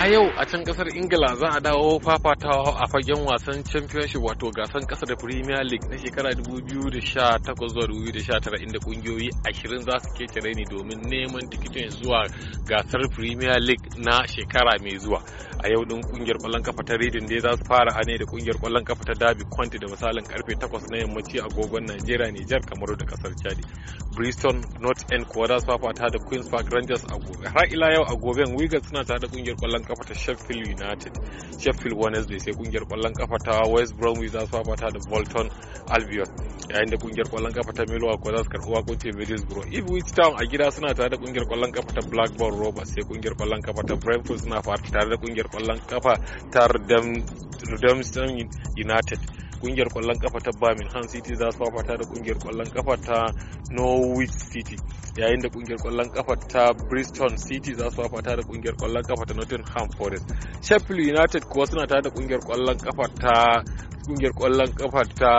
A yau a can kasar Ingila za a dawo fafatawa a fagen wasan Championship wato gasan kasa da Premier League na shekara 2018 zuwa 2019 inda kungiyoyi 20 za su kece ne domin neman tikitin zuwa gasar Premier League na shekara mai zuwa a yau din kungiyar kwallon kafa ta Reading dai za su fara hane da kungiyar kwallon kafa ta dabi County da misalin karfe 8 na yammaci a agogon Najeriya Nijar kamar da kasar Chad Bristol North End kuwa za su fafata da Queens Park Rangers a gobe har ila yau a goben Wigan suna tare da kungiyar kwallon kafa ta Sheffield United Sheffield Wednesday sai kungiyar kwallon kafa ta West Bromwich za su fafata da Bolton Albion yayin da kungiyar kwallon kafa ta Milo ko za su karɓi wakuncin Middlesbrough Ipswich Town a gida suna tare da kungiyar kwallon kafa ta Blackburn Rovers sai kungiyar kwallon kafa ta Brentford suna tare da kungiyar kwallon kafa ta Redemption United kungiyar kwallon kafa ta Birmingham City za su tare da kungiyar kwallon kafa ta Norwich City yayin da kungiyar kwallon kafa ta Bristol City za su tare da kungiyar kwallon kafa ta Nottingham Forest Sheffield United kuwa suna tare da kungiyar kwallon kafa ta kungiyar kwallon kafa ta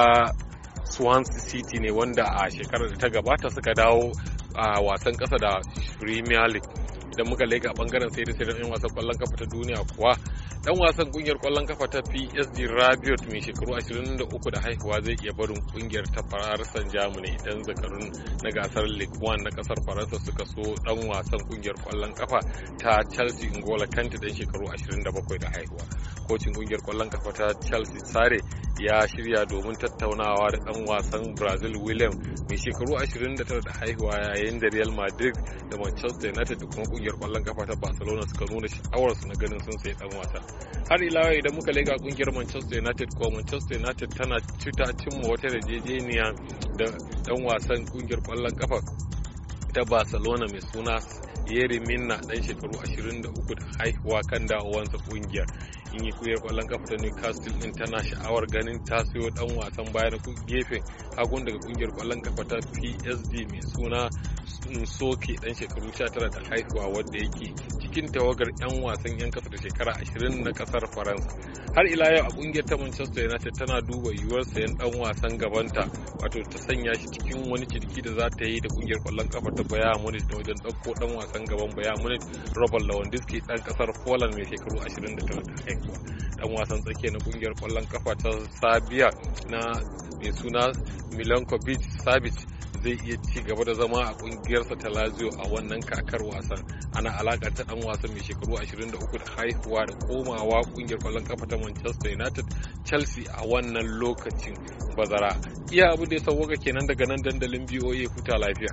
Swansea City ne wanda a shekarar da ta gabata suka dawo a wasan kasa da Premier League idan muka a bangaren sai da sai da wasan kwallon kafa ta duniya kuwa dan wasan kungiyar kwallon kafa ta PSG Rabiot mai shekaru 23 da haihuwa zai iya barin kungiyar ta Faransan Germany idan zakarun na gasar league 1 na kasar Faransa suka so dan wasan kungiyar kwallon kafa ta Chelsea ngola kanti dan shekaru 27 da haihuwa kocin kungiyar kwallon kafa ta Chelsea Sare ya shirya domin tattaunawa da ɗan wasan brazil william mai shekaru 29 da haihuwa yayin da real madrid da manchester united da kuma kungiyar kwallon kafa ta barcelona suka nuna sha'awarsu na ganin sun sai ɗan wasa har ila idan muka lega kungiyar manchester united ko manchester united tana cuta cimma wata yarjejeniya da ɗan wasan kungiyar kwallon kafa ta barcelona mai suna yeri minna dan shekaru 23 da haihuwa kan dawowansa kungiyar in yi kuyar kwallon kafa ta newcastle din tana sha'awar ganin ta siyo dan wasan bayan gefen hagun daga kungiyar kwallon kafa ta psd mai suna soke dan shekaru 19 da haihuwa wanda yake cikin tawagar 'yan wasan 'yan kasa da shekara 20 na kasar faransa har ila yau a kungiyar ta manchester united tana duba yiwuwar sayan dan wasan gabanta wato ta sanya shi cikin wani ciniki da za ta yi da kungiyar kwallon kafa ta bayan munich da wajen ɗauko dan wasan gaban bayan munich robert lewandowski dan kasar poland mai shekaru 29 da dan wasan tsakiya na kungiyar kwallon kafa ta sabia na mai suna milankovic sabic zai iya ci gaba da zama a kungiyarsa ta lazio a wannan kakar wasan ana ta dan wasan mai shekaru 23 da haihuwa da komawa kungiyar kwallon kafa ta manchester united chelsea a wannan lokacin bazara iya abu da ya sauwaka kenan daga nan dandalin boa huta lafiya